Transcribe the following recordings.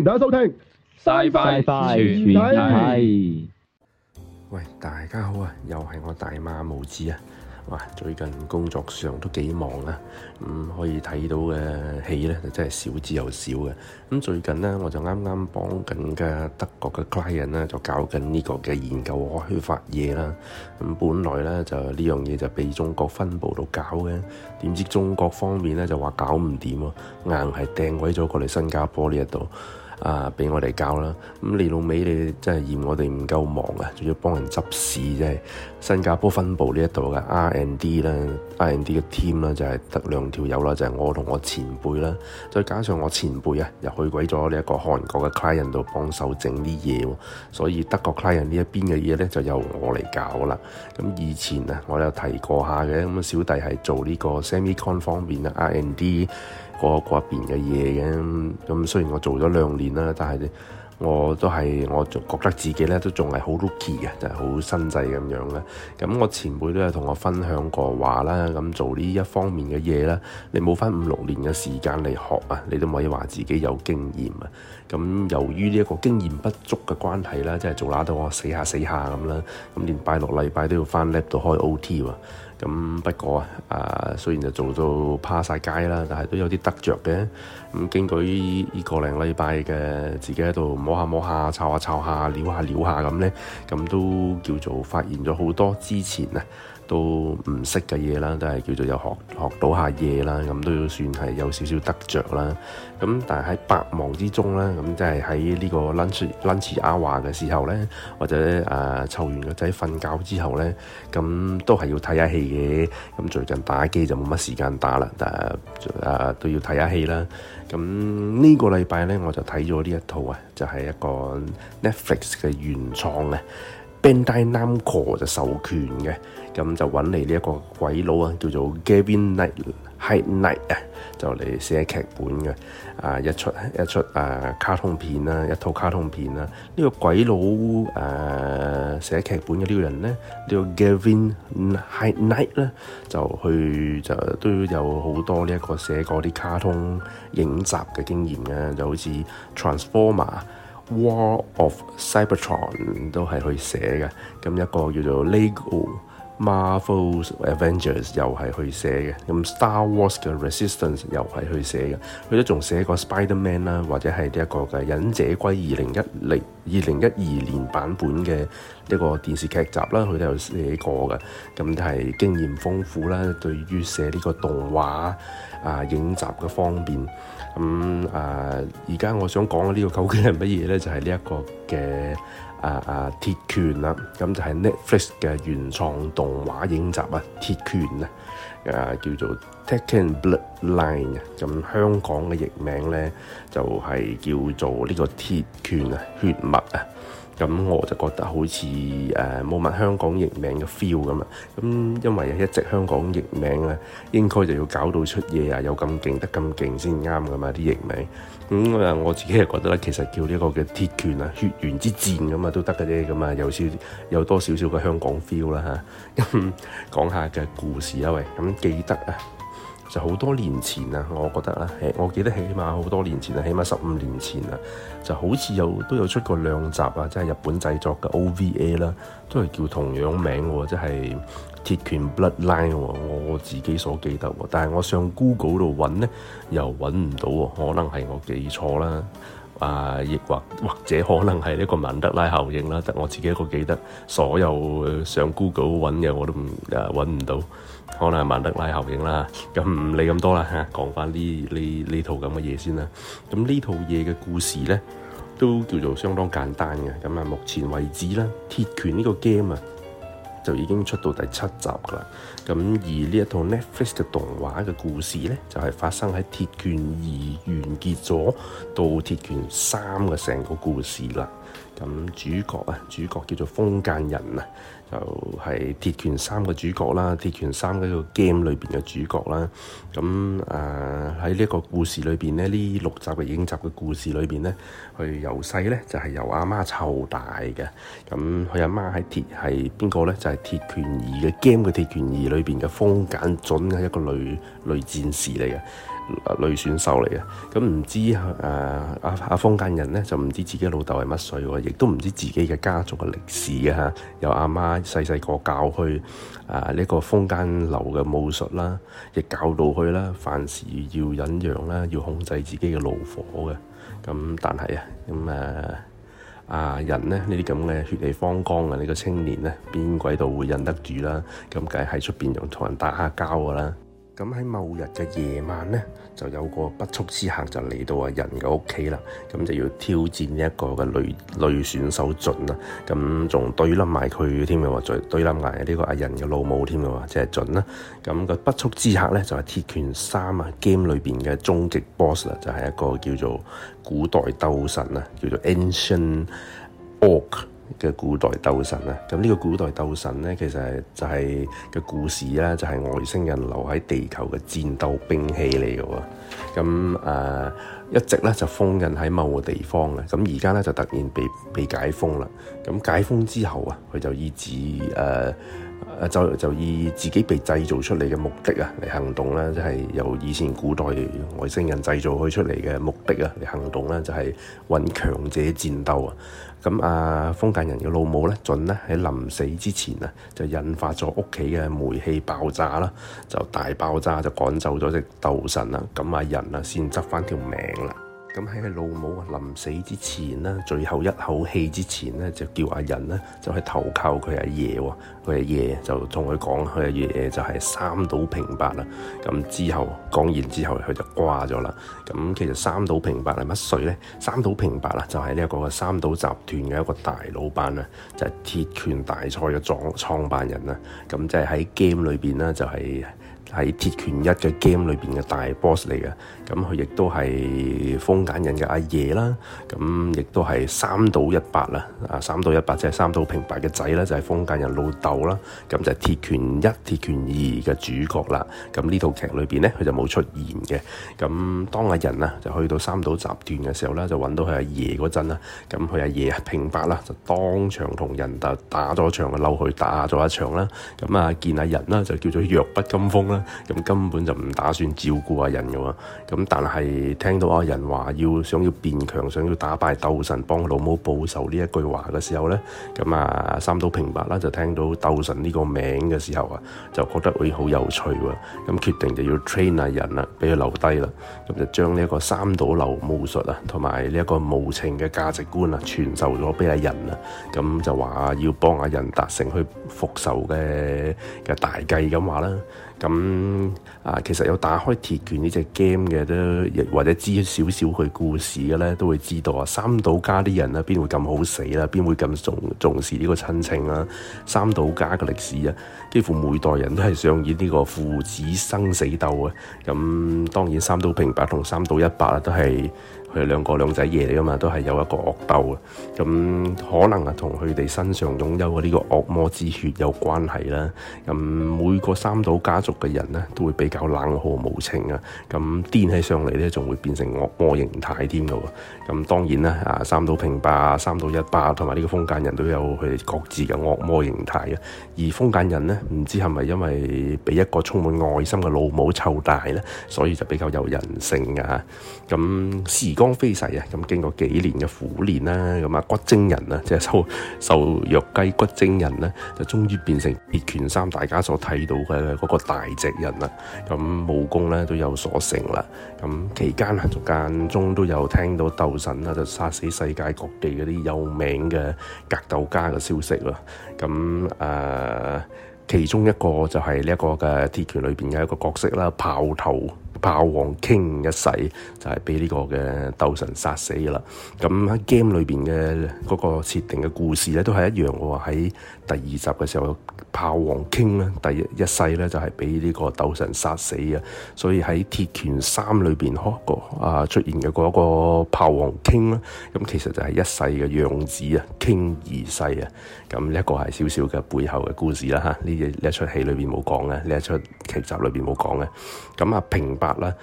大家收聽，拜拜拜拜。體喂，大家好啊，又係我大媽無知啊。哇，最近工作上都幾忙啦、啊，咁、嗯、可以睇到嘅戲咧就真係少之又少嘅。咁、嗯、最近呢，我就啱啱幫緊嘅德國嘅 client 咧就搞緊呢個嘅研究化學嘢啦。咁、嗯、本來咧就呢樣嘢就俾中國分部到搞嘅，點知中國方面咧就話搞唔掂啊，硬係掟位咗過嚟新加坡呢一度。啊！俾我哋教啦，咁你老味，你真係嫌我哋唔夠忙啊，仲要幫人執事、啊，即係新加坡分部呢一度嘅 R&D 啦 R&D 嘅 team 啦，就係得兩條友啦，就係我同我前輩啦、啊，再加上我前輩啊，又去鬼咗呢一個韓國嘅 client 度幫手整啲嘢，所以德國 client 呢一邊嘅嘢咧就由我嚟搞啦。咁以前啊，我有提過下嘅，咁小弟係做呢個 semicon 方面嘅 R&D。D, 嗰嗰一邊嘅嘢嘅，咁雖然我做咗兩年啦，但係我都係我覺得自己咧都仲係好 lucky 嘅，就係、是、好新仔咁樣啦。咁我前輩都有同我分享過話啦，咁做呢一方面嘅嘢啦，你冇翻五六年嘅時間嚟學啊，你都唔可以話自己有經驗啊。咁由於呢一個經驗不足嘅關係啦，即係做嗱到我死下死下咁啦，咁連拜六禮拜都要翻 lap 度開 OT 啊。咁不過啊，啊、呃、雖然就做到趴晒街啦，但係都有啲得着嘅。咁經過呢呢個零禮拜嘅自己喺度摸下摸，摸下、摷下摷下、撩下撩下咁咧，咁都叫做發現咗好多之前啊都唔識嘅嘢啦，都係叫做有學學到下嘢啦，咁都算係有少少得着啦。咁但係喺百忙之中咧，咁即係喺呢個 lunch lunch hour 嘅時候咧，或者啊湊完個仔瞓覺之後咧，咁都係要睇下戲。嘢咁最近打機就冇乜時間打啦，誒誒、啊、都要睇下戲啦。咁、這個、呢個禮拜咧，我就睇咗呢一套啊，就係、是、一個 Netflix 嘅原創啊 Bandai Namco 就授權嘅，咁就揾嚟呢一個鬼佬啊，叫做 Gavin Knight。Hignight 啊，就嚟寫劇本嘅啊，一出一出啊卡通片啦，一套卡通片啦。呢個鬼佬誒寫劇本嘅呢個人咧，呢個 Gavin Hignight 咧就去就都有好多呢一個寫嗰啲卡通影集嘅經驗嘅，就好似 Transformer、War of Cybertron 都係去寫嘅，咁一個叫做 Leggo。Marvels、Marvel Avengers 又係去寫嘅，咁 Star Wars 嘅 Resistance 又係去寫嘅，佢都仲寫過 Spider-Man 啦，Man, 或者係呢一個嘅忍者龜二零一零二零一二年版本嘅一個電視劇集啦，佢都有寫過嘅，咁就係經驗豐富啦，對於寫呢個動畫啊影集嘅方便。咁、嗯、啊，而家我想講嘅呢個究竟係乜嘢咧？就係呢一個嘅啊啊鐵拳啦，咁、啊、就係、是、Netflix 嘅原創動畫影集啊，《鐵拳》啊，啊叫做 Bloodline，啊《Tekken、嗯、Bloodline》，咁香港嘅譯名咧就係、是、叫做呢個《鐵拳》啊，《血脈》啊。咁我就覺得好似誒冇乜香港譯名嘅 feel 咁啊。咁因為一直香港譯名咧，應該就要搞到出嘢啊，有咁勁得咁勁先啱噶嘛啲譯名，咁啊我自己又覺得咧，其實叫呢個嘅鐵拳啊，血緣之戰咁啊都得嘅啫，咁啊有少有多少少嘅香港 feel 啦嚇，咁講下嘅故事啊喂，咁記得啊～就好多年前啊，我覺得啦，誒，我記得起碼好多年前啦，起碼十五年前啊，就好似有都有出過兩集啊，即係日本製作嘅 OVA 啦，都係叫同樣名喎，即係《鐵拳 Bloodline》喎，我自己所記得喎，但係我上 Google 度揾呢，又揾唔到喎，可能係我記錯啦。啊，亦或者或者可能係呢個曼德拉效應啦，但我自己一個記得，所有上 Google 揾嘅我都唔誒揾唔到，可能係曼德拉效應啦。咁唔理咁多啦嚇，講翻呢呢呢套咁嘅嘢先啦。咁呢套嘢嘅故事咧，都叫做相當簡單嘅。咁啊，目前為止啦，鐵拳呢個 game 啊。就已經出到第七集噶啦，咁而呢一套 Netflix 嘅動畫嘅故事咧，就係、是、發生喺《鐵拳二》完結咗到《鐵拳三》嘅成個故事啦。咁主角啊，主角叫做封間人啊，就係鐵拳三嘅主角啦，鐵拳三嗰個 game 裏邊嘅主角啦。咁誒喺呢個故事裏邊咧，呢六集嘅影集嘅故事裏邊咧，佢由細呢就係由阿媽湊大嘅。咁佢阿媽喺鐵係邊個呢？就係鐵拳二嘅 game 嘅鐵拳二裏邊嘅封間準啊，一個女女戰士嚟嘅。女選手嚟嘅，咁唔知啊，阿阿風間人咧就唔知自己老豆係乜水喎，亦都唔知自己嘅家族嘅歷史嘅嚇。由阿媽細細個教佢啊，呢、啊這個風間流嘅武術啦，亦、啊、教到佢啦，凡事要忍讓啦，要控制自己嘅怒火嘅。咁但係啊，咁誒啊，啊人咧呢啲咁嘅血氣方剛嘅呢個青年咧，邊鬼度會忍得住啦？咁梗係喺出邊又同人打下交噶啦！咁喺某日嘅夜晚咧，就有個不速之客就嚟到阿仁嘅屋企啦。咁就要挑戰呢一個嘅女女選手準啦。咁仲對冧埋佢添嘅喎，再對冧埋呢個阿仁嘅老母添嘅喎，即係準啦。咁、那個不速之客咧就係、是、鐵拳三啊，Game 裏邊嘅終極 boss 啦，就係、是、一個叫做古代鬥神啦，叫做 Ancient Orc 嘅古代鬥神啊，咁、這、呢個古代鬥神呢，其實就係、是、嘅故事啦，就係外星人留喺地球嘅戰鬥兵器嚟嘅喎，咁啊、呃、一直呢就封印喺某個地方啦，咁而家呢就突然被被解封啦，咁解封之後啊，佢就以至。誒、呃。就，就以自己被製造出嚟嘅目的啊嚟行動啦，就係由以前古代外星人製造佢出嚟嘅目的啊嚟行動啦，就係揾強者戰鬥啊。咁啊，風間仁嘅老母呢，準呢喺臨死之前啊，就引發咗屋企嘅煤氣爆炸啦，就大爆炸就趕走咗隻鬥神啦。咁啊，仁啊先執返條命啦。咁喺佢老母啊臨死之前啦，最後一口氣之前咧，就叫阿仁咧，就去投靠佢阿爺。佢阿爺就同佢講，佢阿爺就係三島平八啦。咁之後講完之後，佢就掛咗啦。咁其實三島平八係乜水咧？三島平八啦，就係呢一個三島集團嘅一個大老闆啦，就係、是、鐵拳大賽嘅創創辦人啦。咁即係喺 game 裏邊啦、就是，就係喺鐵拳一嘅 game 裏邊嘅大 boss 嚟嘅。咁佢亦都係風間仁嘅阿爺啦，咁亦都係三島一八啦，啊三島一八即係三島平八嘅仔，就是、爸爸啦，就係風間仁老豆啦，咁就鐵拳一、鐵拳二嘅主角啦。咁呢套劇裏邊咧，佢就冇出現嘅。咁當阿仁啊，就去到三島集團嘅時候咧，就揾到佢阿爺嗰陣啦。咁佢阿爺啊，平八啦，就當場同人達打咗場嘅嬲，佢打咗一場啦。咁啊，見阿仁啦，就叫做弱不禁風啦。咁根本就唔打算照顧阿仁嘅喎。咁但係聽到阿仁話要想要變強、想要打敗鬥神、幫老母報仇呢一句話嘅時候呢，咁啊三島平八啦就聽到鬥神呢個名嘅時候啊，就覺得會好有趣喎。咁決定就要 train 阿仁啦，俾佢留低啦。咁就將呢一個三島流武術啊，同埋呢一個無情嘅價值觀啊，傳授咗俾阿仁啊。咁就話要幫阿仁達成去復仇嘅嘅大計咁話啦。咁。啊，其實有打開鐵拳呢隻 game 嘅都，亦或者知少少佢故事嘅咧，都會知道啊。三島家啲人咧，邊會咁好死啦？邊會咁重重視呢個親情啊？三島家嘅歷史啊，幾乎每代人都係上演呢個父子生死鬥啊。咁、嗯、當然三島平八同三島一八啊，都係佢哋兩個兩仔爺嚟噶嘛，都係有一個惡鬥啊。咁、嗯、可能啊，同佢哋身上擁有嘅呢個惡魔之血有關係啦。咁、嗯、每個三島家族嘅人咧，都會被。較冷酷無情啊！咁、嗯、癲起上嚟咧，仲會變成惡魔形態添噶。咁當然啦、啊，啊三島平八、三島一八，同埋呢個風間仁都有佢哋各自嘅惡魔形態啊！而風間仁咧，唔知係咪因為俾一個充滿愛心嘅老母湊大咧，所以就比較有人性嘅、啊、嚇。咁、嗯、時光飛逝啊！咁、嗯、經過幾年嘅苦練啦、啊，咁、嗯、啊骨精人啊，即係瘦瘦弱雞骨精人咧、啊，就終於變成《鐵拳三》大家所睇到嘅嗰個大隻人啦、啊。咁武功咧都有所成啦。咁期間啊，仲間中都有聽到鬥神啊，就殺死世界各地嗰啲有名嘅格鬥家嘅消息咯。咁啊、呃，其中一個就係呢一個嘅鐵拳裏邊嘅一個角色啦，炮頭炮王 King 一世就係、是、被呢個嘅鬥神殺死噶啦。咁喺 game 裏邊嘅嗰個設定嘅故事咧，都係一樣，嘅喺第二集嘅時候。炮王傾呢，第一,一世咧就係俾呢個鬥神殺死啊，所以喺鐵拳三裏邊嗰、嗰個、啊出現嘅嗰個炮王傾呢，咁其實就係一世嘅樣子小小啊，傾二世啊，咁呢一個係少少嘅背後嘅故事啦吓，呢呢一出戲裏邊冇講嘅，呢一出劇集裏邊冇講嘅，咁啊平白啦。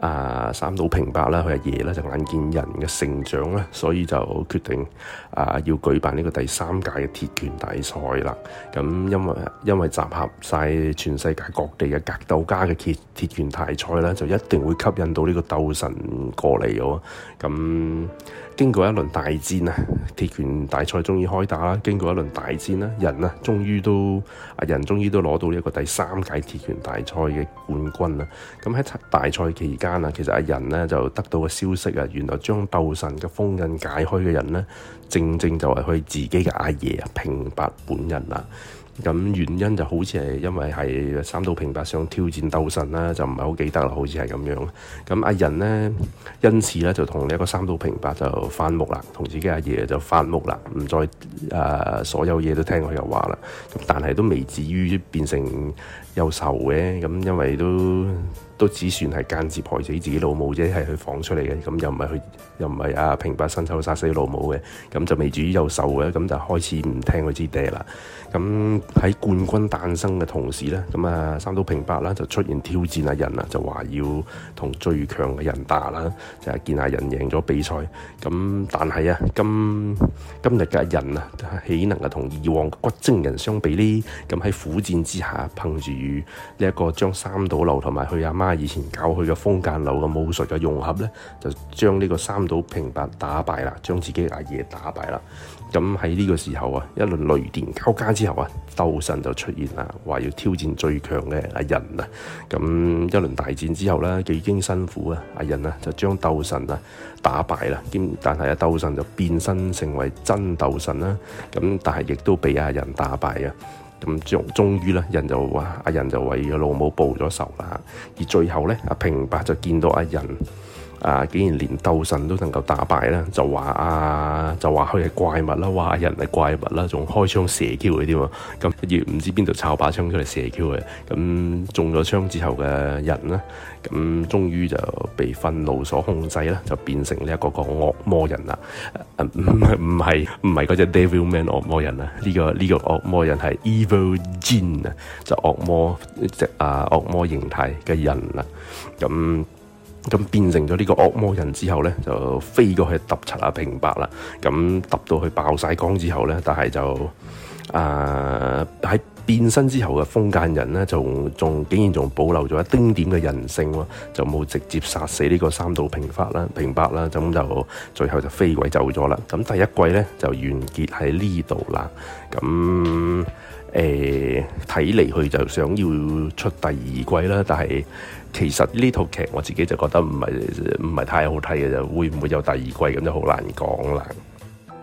啊！三島平八，啦、啊，佢阿爺啦就眼見人嘅成長啦，所以就決定啊要舉辦呢個第三屆嘅鐵拳大賽啦。咁、啊、因為因為集合晒全世界各地嘅格鬥家嘅鐵鐵拳大賽咧、啊，就一定會吸引到呢個鬥神過嚟嘅喎。咁、啊啊經過一輪大戰啊，鐵拳大賽終於開打啦。經過一輪大戰啦，人啊，終於都阿仁終於都攞到呢個第三屆鐵拳大賽嘅冠軍啦。咁喺大賽期間啊，其實阿仁呢就得到個消息啊，原來將鬥神嘅封印解開嘅人呢，正正就係佢自己嘅阿爺平白本人啦。咁原因就好似係因為係三島平八想挑戰鬥神啦，就唔係好記得啦，好似係咁樣。咁阿仁咧，因此咧就同呢一個三島平八就返屋啦，同自己阿爺就返屋啦，唔再誒、呃、所有嘢都聽佢又話啦。咁但係都未至於變成有仇嘅，咁因為都都只算係間接害死自，自己老母啫，係去放出嚟嘅，咁又唔係去。又唔係啊！平八伸手殺死老母嘅，咁就未至於有仇嘅，咁就開始唔聽佢支笛啦。咁喺冠軍誕生嘅同時咧，咁啊三島平八啦就出現挑戰阿仁啦，就話要同最強嘅仁打啦，就係、是、見下仁贏咗比賽。咁但係啊，今今日嘅仁啊，豈能夠同以往骨精人相比呢？咁喺苦戰之下，憑住呢一個將三島流同埋佢阿媽以前教佢嘅風間流嘅武術嘅融合咧，就將呢個三到平白打敗啦，將自己嘅阿爺打敗啦。咁喺呢個時候啊，一輪雷電交加之後啊，鬥神就出現啦，話要挑戰最強嘅阿仁啊。咁一輪大戰之後啦，幾經辛苦啊，阿仁啊就將鬥神啊打敗啦。兼但係阿鬥神就變身成為真鬥神啦。咁但係亦都被阿仁打敗啊。咁終終於啦，人就話阿仁就為個老母報咗仇啦。而最後咧，阿平白就見到阿仁。啊！竟然連鬥神都能夠打敗啦，就話啊，就話佢係怪物啦，話人係怪物啦，仲開槍射 Q 佢添喎。咁亦唔知邊度抄把槍出嚟射 Q 佢。咁、嗯、中咗槍之後嘅人咧，咁、嗯、終於就被憤怒所控制啦，就變成呢、這、一個個惡魔人啦。唔唔係唔係嗰隻 Devil Man 惡魔人啊，呢、這個呢、這個惡魔人係 evil gen 啊，就惡魔即啊、呃、惡魔形態嘅人啦。咁、嗯嗯咁變成咗呢個惡魔人之後呢，就飛過去揼七下平八啦。咁揼到佢爆晒光之後呢，但係就啊喺、呃、變身之後嘅風間仁呢，就仲竟然仲保留咗一丁點嘅人性喎，就冇直接殺死呢個三島平八啦、平八啦。咁就最後就飛鬼走咗啦。咁第一季呢，就完結喺呢度啦。咁誒睇嚟佢就想要出第二季啦，但係其實呢套劇我自己就覺得唔係唔係太好睇嘅，就會唔會有第二季，咁就好難講啦。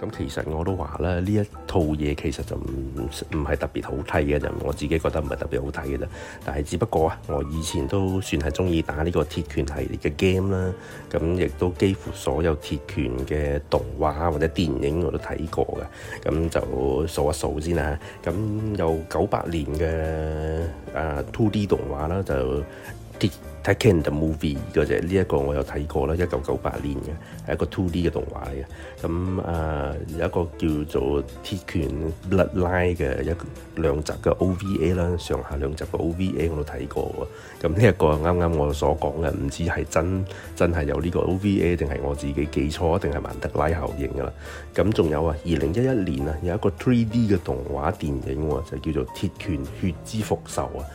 咁其實我都話啦，呢一套嘢其實就唔唔係特別好睇嘅，就我自己覺得唔係特別好睇嘅啫。但係只不過啊，我以前都算係中意打呢個鐵拳系列嘅 game 啦。咁亦都幾乎所有鐵拳嘅動畫或者電影我都睇過嘅。咁就數一數先啦。咁有九八年嘅誒 2D 動畫啦，就～《The 睇《鐵拳》的 movie 嗰隻，呢一個我有睇過啦，一九九八年嘅，係一個 two D 嘅動畫嚟嘅。咁啊、呃，有一個叫做《鐵拳 Bloodline》嘅一兩集嘅 OVA 啦，上下兩集嘅 OVA 我都睇過喎。咁呢一個啱啱我所講嘅，唔知係真真係有呢個 OVA 定係我自己記錯，定係曼德拉效應㗎啦。咁仲有啊，二零一一年啊，有一個 three D 嘅動畫電影，就是、叫做《鐵拳血之復仇》啊。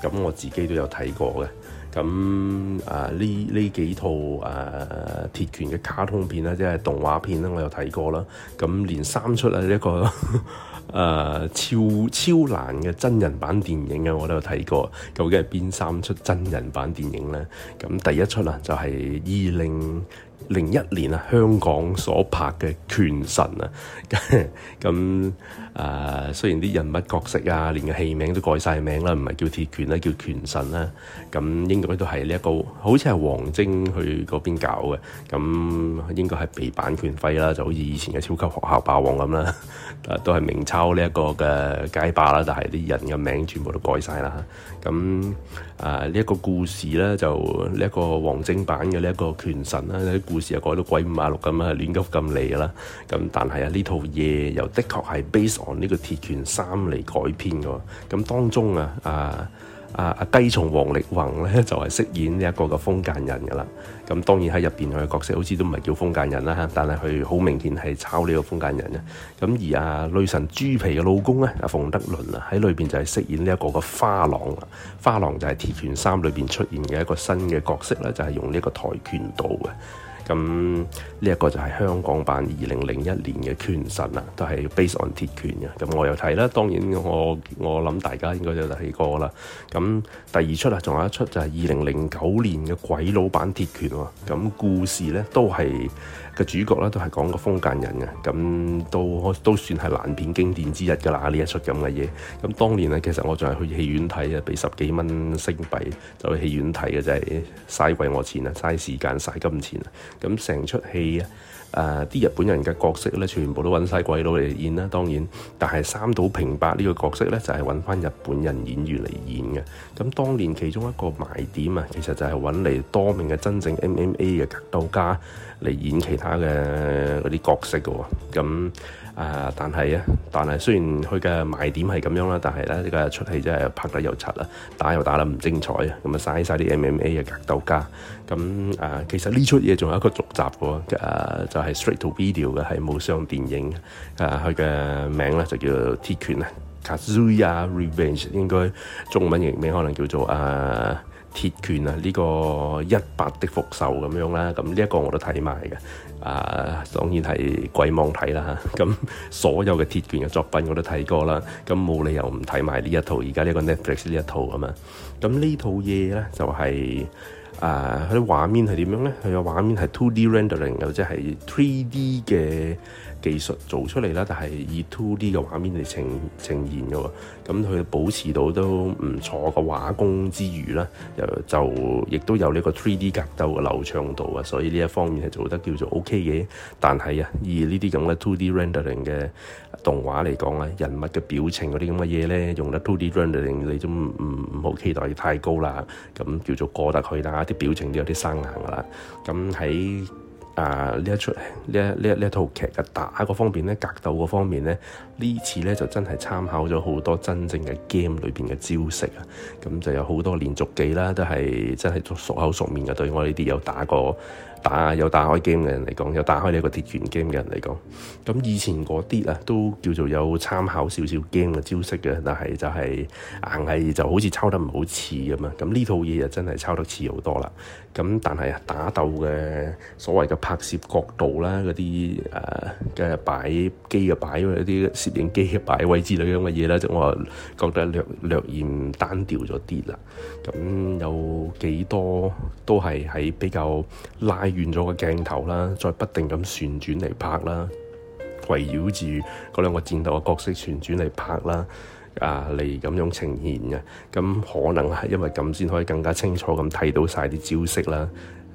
咁我自己都有睇過嘅。咁啊呢呢幾套誒鐵、啊、拳嘅卡通片啦，即係動畫片咧，我有睇過啦。咁連三出啊，呢、這、一個誒、 啊、超超難嘅真人版電影呀，我都有睇過。究竟係邊三出真人版電影咧？咁第一出啦、啊，就係二零零一年啊，香港所拍嘅《拳神》啊，咁 啊，雖然啲人物角色啊，連個戲名都改晒名啦，唔係叫《鐵拳》啦，叫《拳神》啦。咁應該都係呢一個，好似係王晶去嗰邊搞嘅。咁應該係被版權費啦，就好似以前嘅《超級學校霸王》咁啦， 都係明抄呢一個嘅街霸啦，但係啲人嘅名全部都改晒啦。咁啊呢一、這個故事咧，就呢一、這個王晶版嘅呢一個拳神、這個、啦，呢啲故事又改到鬼五馬六咁啊，亂急咁嚟啦。咁但係啊，呢套嘢又的確係 base on 呢個鐵拳三嚟改編嘅。咁當中啊啊～啊！阿雞蟲王力宏咧就係、是、飾演呢一個嘅風間仁㗎啦。咁當然喺入邊佢嘅角色好似都唔係叫風間仁啦嚇，但係佢好明顯係抄呢個風間仁嘅。咁而阿、啊、女神豬皮嘅老公咧，阿馮德倫啦，喺裏邊就係飾演呢一個嘅花郎。花郎就係《鐵拳三》裏邊出現嘅一個新嘅角色咧，就係、是、用呢一個跆拳道嘅。咁呢一個就係香港版二零零一年嘅拳神啦，都係 based on 鐵拳嘅。咁我有睇啦，當然我我諗大家應該都有睇過啦。咁第二出啊，仲有一出就係二零零九年嘅鬼佬版鐵拳喎。咁故事呢都係，嘅主角咧都係講個風間仁嘅，咁都都算係爛片經典之一㗎啦。呢一出咁嘅嘢，咁當年咧其實我仲係去戲院睇啊，俾十幾蚊星幣就去戲院睇嘅就係嘥鬼我錢啊，嘥時間嘥金錢啊。咁成出戲啊，誒、呃、啲日本人嘅角色咧全部都揾晒鬼佬嚟演啦。當然，但係三島平八呢個角色咧就係揾翻日本人演員嚟演嘅。咁當年其中一個賣點啊，其實就係揾嚟多名嘅真正 MMA 嘅格鬥家，嚟演其他嘅嗰啲角色嘅喎，咁啊、呃，但係咧，但係雖然佢嘅賣點係咁樣啦，但係咧呢個出戲真係拍得又柒啦，打又打得唔精彩啊，咁啊嘥曬啲 MMA 嘅格鬥家，咁啊、呃、其實呢出嘢仲有一個續集嘅喎、呃，就係、是、Straight to Video 嘅係冇上電影，啊佢嘅名咧就叫鐵拳啊，Kazuya Revenge，應該中文譯名可能叫做啊。呃鐵拳啊，呢、這個一百的復仇咁樣、這個呃、啦，咁呢一個我都睇埋嘅，啊當然係鬼網睇啦，咁所有嘅鐵拳嘅作品我都睇過啦，咁冇理由唔睇埋呢一套，而家呢個 Netflix 呢一套啊嘛，咁呢套嘢咧就係啊佢啲畫面係點樣咧？佢嘅畫面係 2D rendering 或者係 3D 嘅。技術做出嚟啦，但係以 2D 嘅畫面嚟呈呈現嘅喎，咁佢保持到都唔錯嘅畫工之餘啦，又就亦都有呢個 3D 格鬥嘅流暢度啊，所以呢一方面係做得叫做 OK 嘅。但係啊，以呢啲咁嘅 2D rendering 嘅動畫嚟講咧，人物嘅表情嗰啲咁嘅嘢咧，用得 2D rendering 你都唔唔好期待太高啦。咁叫做過得去啦，啲表情都有啲生硬噶啦。咁喺啊！呢一出呢一呢一呢一套劇嘅打嗰方面咧，格鬥嗰方面咧，呢次咧就真係參考咗好多真正嘅 game 裏邊嘅招式啊！咁就有好多連續技啦，都係真係熟口熟面嘅。對我呢啲有打過。打有打開 game 嘅人嚟講，有打開你個鐵拳 game 嘅人嚟講，咁以前啲啊都叫做有參考少少 game 嘅招式嘅，但係就係、是、硬係就好似抄得唔好似咁啊！咁呢套嘢就真係抄得似好多啦。咁但係啊打鬥嘅所謂嘅拍攝角度啦，嗰啲誒嘅擺機嘅擺嗰啲攝影機嘅擺位置類咁嘅嘢咧，即係我覺得略略嫌單調咗啲啦。咁有幾多都係喺比較拉。換咗個鏡頭啦，再不停咁旋轉嚟拍啦，圍繞住嗰兩個戰鬥嘅角色旋轉嚟拍啦，啊嚟咁樣呈現嘅，咁可能係因為咁先可以更加清楚咁睇到晒啲招式啦，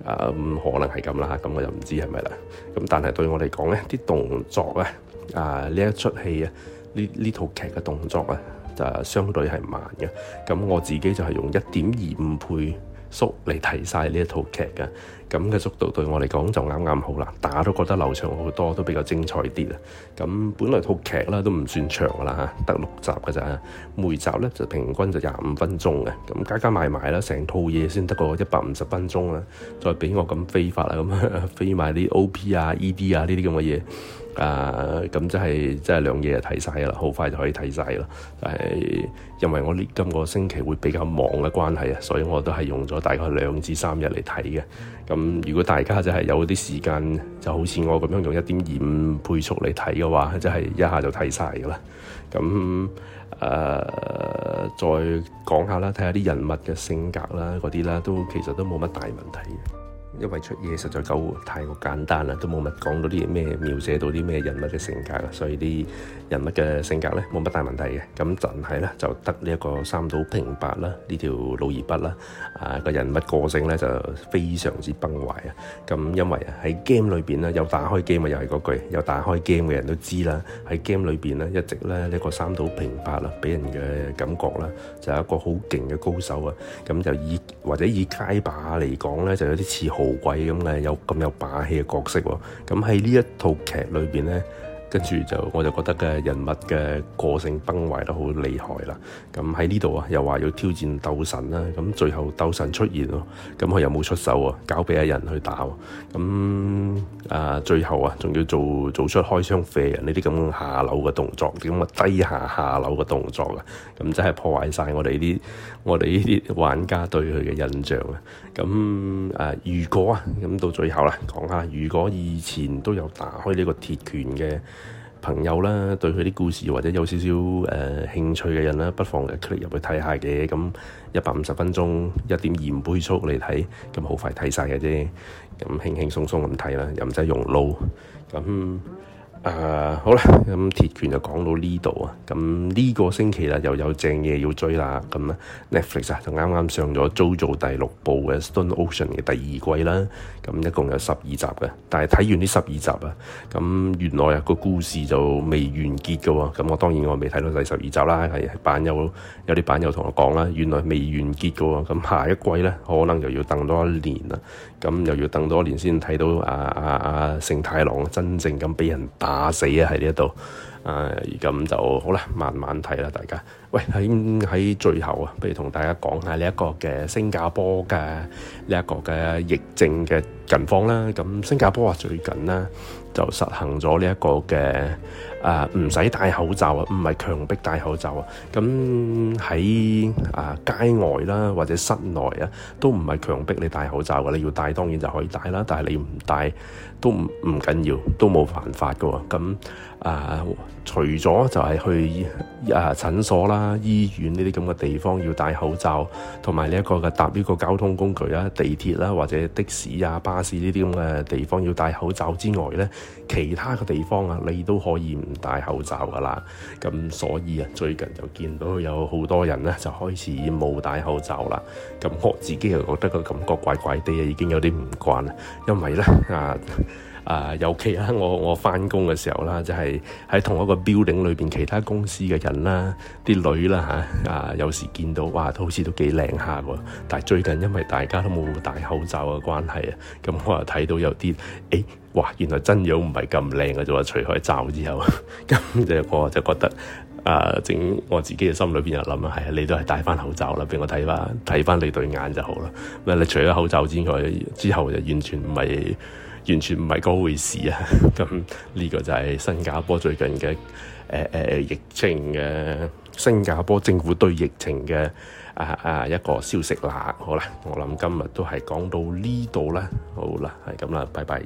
啊咁可能係咁啦，咁我就唔知係咪啦，咁但係對我嚟講咧，啲動作呢啊，啊呢一齣戲啊，呢呢套劇嘅動作啊，就相對係慢嘅，咁我自己就係用一點二五倍速嚟睇晒呢一套劇㗎，咁嘅速度對我嚟講就啱啱好啦，大家都覺得流暢好多，都比較精彩啲啦。咁本來套劇啦都唔算長㗎啦，得六集㗎咋，每集咧就平均就廿五分鐘嘅，咁加加埋埋啦，成套嘢先得個一百五十分鐘啊，再俾我咁飛法啊，咁飛埋啲 OP 啊 ED 啊呢啲咁嘅嘢。誒咁即係即係兩嘢就睇晒㗎啦，好快就可以睇晒啦。但係因為我呢今個星期會比較忙嘅關係啊，所以我都係用咗大概兩至三日嚟睇嘅。咁如果大家就係有啲時間，就好似我咁樣用一點二五倍速嚟睇嘅話，即係一下就睇晒噶啦。咁誒，再講下啦，睇下啲人物嘅性格啦，嗰啲啦，都其實都冇乜大問題嘅。因為出嘢實在夠太過簡單啦，都冇乜講到啲咩描寫到啲咩人物嘅性格啦，所以啲人物嘅性格咧冇乜大問題嘅。咁但係咧就得呢一個三島平八啦，呢條老二筆啦，啊個人物個性咧就非常之崩壞啊。咁因為喺 game 裏邊咧，有打開 game 啊又係嗰句，有打開 game 嘅人都知啦。喺 game 裏邊咧，一直咧呢個三島平八啦，俾人嘅感覺啦就係一個好勁嘅高手啊。咁就以或者以街霸嚟講咧，就有啲似。豪鬼咁嘅，有咁有霸氣嘅角色喎。咁喺呢一套劇裏邊咧，跟住就，我就覺得嘅人物嘅個性崩壞得好厲害啦。咁喺呢度啊，又話要挑戰鬥神啦、啊。咁最後鬥神出現咯，咁佢又冇出手啊，交俾阿人去打、啊。咁啊，最後啊，仲要做做出開槍射人呢啲咁嘅下流嘅動作，啲咁低下下流嘅動作啊。咁真係破壞晒我哋呢啲我哋呢啲玩家對佢嘅印象啊。咁啊，如果啊，咁到最後啦，講下如果以前都有打開呢個鐵拳嘅朋友啦，對佢啲故事或者有少少誒、呃、興趣嘅人啦，不妨 click 入去睇下嘅。咁一百五十分鐘，一點二倍速嚟睇，咁好快睇晒嘅啫。咁輕輕鬆鬆咁睇啦，又唔使用腦。咁 Uh, 好啦，咁、嗯、鐵拳就講到呢度啊，咁、嗯、呢、這個星期啦，又有正嘢要追啦，咁、嗯、Netflix 啊就啱啱上咗 JoJo 第六部嘅《Stone Ocean》嘅第二季啦，咁、嗯、一共有十二集嘅，但係睇完呢十二集、嗯、啊，咁原來啊個故事就未完結噶喎、哦，咁、嗯、我當然我未睇到第十二集啦，係版友有啲版友同我講啦，原來未完結噶喎、哦，咁、嗯、下一季咧可能又要等多一年啦，咁、嗯、又要等多一年先睇到啊啊啊承、啊、太郎真正咁俾人。打。打死啊！喺呢一度，啊，咁就好啦，慢慢睇啦，大家。喂，喺喺最後啊，不如同大家講下呢一個嘅新加坡嘅呢一個嘅疫症嘅近況啦。咁新加坡啊，最近咧就實行咗呢一個嘅。誒，唔使戴口罩啊，唔係強迫戴口罩啊。咁喺誒街外啦，或者室內啊，都唔係強迫你戴口罩嘅。你要戴當然就可以戴啦，但係你唔戴都唔唔緊要，都冇犯法㗎喎。咁啊，除咗就係去啊診所啦、醫院呢啲咁嘅地方要戴口罩，同埋呢一個嘅搭呢個交通工具啦、地鐵啦或者的士啊、巴士呢啲咁嘅地方要戴口罩之外咧，其他嘅地方啊，你都可以唔戴口罩噶啦。咁所以啊，最近就見到有好多人咧就開始冇戴口罩啦。咁我自己又覺得個感覺怪怪哋啊，已經有啲唔慣啦，因為咧啊。啊，uh, 尤其啦，我我翻工嘅時候啦，就係、是、喺同一個 building 裏邊，其他公司嘅人啦，啲女啦吓，啊，有時見到哇，都好似都幾靚下喎。但係最近因為大家都冇戴口罩嘅關係啊，咁、嗯、我又睇到有啲，誒，哇，原來真樣唔係咁靚嘅，就話除開罩之後，咁 就 我就覺得，啊，整我自己嘅心裏邊又諗啊，係、嗯、你都係戴翻口罩啦，俾我睇翻睇翻你對眼就好啦。你除咗口罩之外，之後就完全唔係，完全唔係嗰回事啊！咁 呢、呢個就係新加坡最近嘅誒誒疫情嘅新加坡政府對疫情嘅啊啊一個消息啦，好啦，我諗今日都係講到呢度啦，好啦，係咁啦，拜拜。